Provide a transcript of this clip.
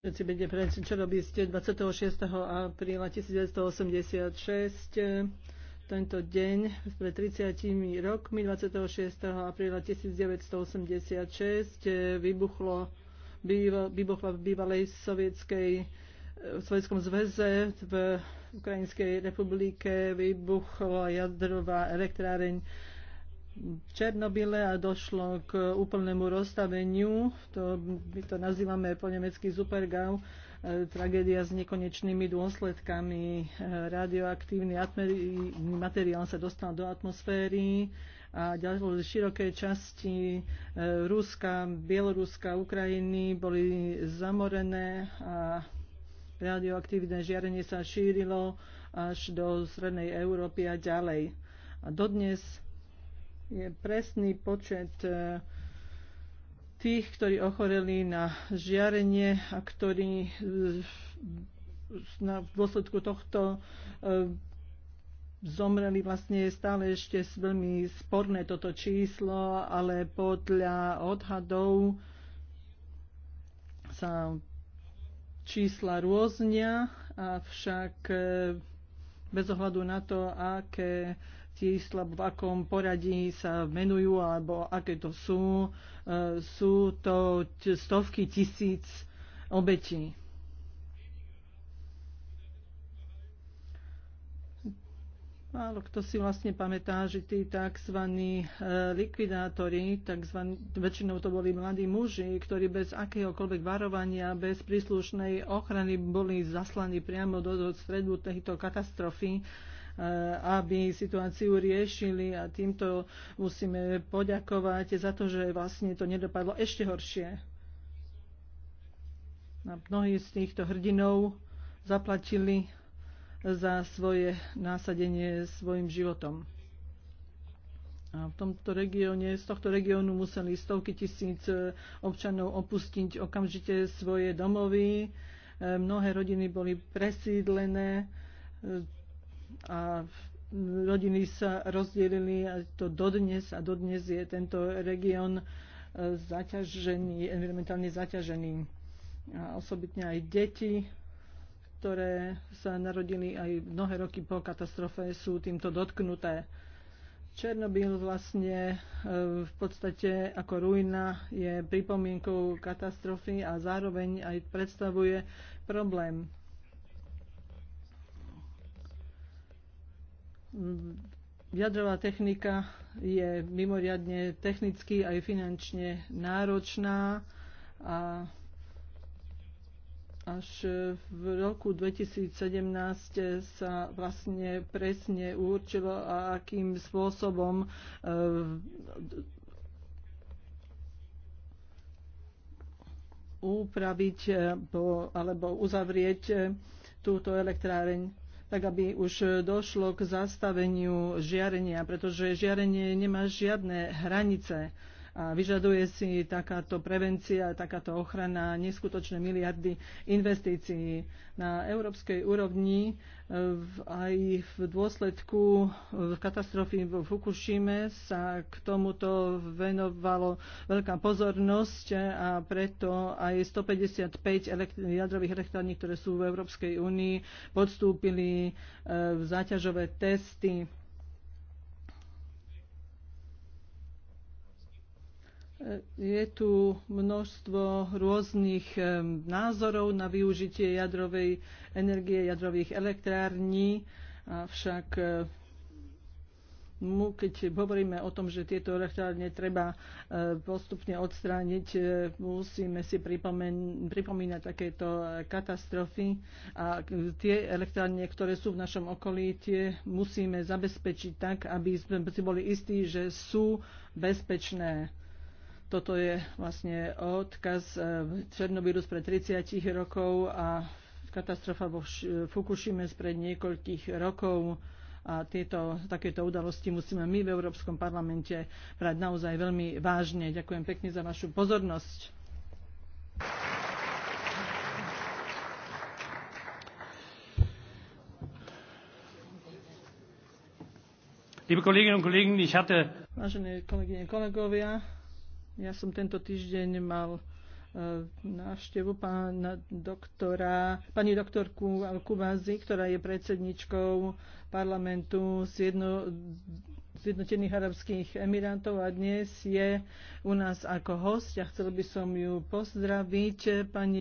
Všetci bude prečo, čo robí ste 26. apríla 1986. Tento deň pred 30 rokmi 26. apríla 1986 vybuchlo vybuchla v bývalej sovietskej v Sovjetskom zväze v Ukrajinskej republike vybuchla jadrová elektráreň Černobyle a došlo k úplnému rozstaveniu. To, my to nazývame po nemecky Supergau e, tragédia s nekonečnými dôsledkami. E, radioaktívny materiál sa dostal do atmosféry a ďalej široké časti e, Ruska, Bieloruska, Ukrajiny boli zamorené a radioaktívne žiarenie sa šírilo až do Srednej Európy a ďalej. A dodnes je presný počet e, tých, ktorí ochoreli na žiarenie a ktorí e, v dôsledku tohto e, zomreli vlastne je stále ešte veľmi sporné toto číslo, ale podľa odhadov sa čísla rôznia, avšak bez ohľadu na to, aké isla, v akom poradí sa menujú alebo aké to sú. E, sú to stovky tisíc obetí. Málo kto si vlastne pamätá, že tí tzv. E, likvidátori, tzv. väčšinou to boli mladí muži, ktorí bez akéhokoľvek varovania, bez príslušnej ochrany boli zaslaní priamo do, do stredu tejto katastrofy Eh, aby situáciu riešili a týmto musíme poďakovať za to, že vlastne to nedopadlo ešte horšie. A mnohí z týchto hrdinov zaplatili za svoje násadenie svojim životom. A v tomto regióne, z tohto regiónu museli stovky tisíc eh, občanov opustiť okamžite svoje domovy. Eh, mnohé rodiny boli presídlené, a rodiny sa rozdielili a to dodnes a dodnes je tento región e, zaťažený, environmentálne zaťažený. A osobitne aj deti, ktoré sa narodili aj mnohé roky po katastrofe, sú týmto dotknuté. Černobyl vlastne e, v podstate ako ruina je pripomienkou katastrofy a zároveň aj predstavuje problém. Mm, jadrová technika je mimoriadne technicky aj finančne náročná a až v roku 2017 sa vlastne presne určilo, akým spôsobom eh, upraviť eh, alebo uzavrieť eh, túto elektráreň tak aby už došlo k zastaveniu žiarenia, pretože žiarenie nemá žiadne hranice a vyžaduje si takáto prevencia, takáto ochrana neskutočné miliardy investícií na európskej úrovni e, aj v dôsledku e, katastrofy v Fukushime sa k tomuto venovalo veľká pozornosť e, a preto aj 155 elekt- jadrových elektrární, ktoré sú v Európskej únii, podstúpili záťažové testy Je tu množstvo rôznych názorov na využitie jadrovej energie, jadrových elektrární, avšak keď hovoríme o tom, že tieto elektrárne treba postupne odstrániť, musíme si pripomínať takéto eh, katastrofy a tie elektrárne, ktoré sú v našom okolí, tie musíme zabezpečiť tak, aby sme si boli istí, že sú bezpečné. Toto je vlastne odkaz e, Černobylu spred 30 rokov a katastrofa vo e, Fukushime spred niekoľkých rokov a tieto, takéto udalosti musíme my v Európskom parlamente brať naozaj veľmi vážne. Ďakujem pekne za vašu pozornosť. Liebe Kolleginnen und Kollegen, ich hatte Vážené kolegyne, kolegovia, ja som tento týždeň mal e, návštevu pána doktora, pani doktorku Alkubázy, ktorá je predsedničkou parlamentu z jedno, Zjednotených arabských emirátov a dnes je u nás ako host a ja chcel by som ju pozdraviť. Pani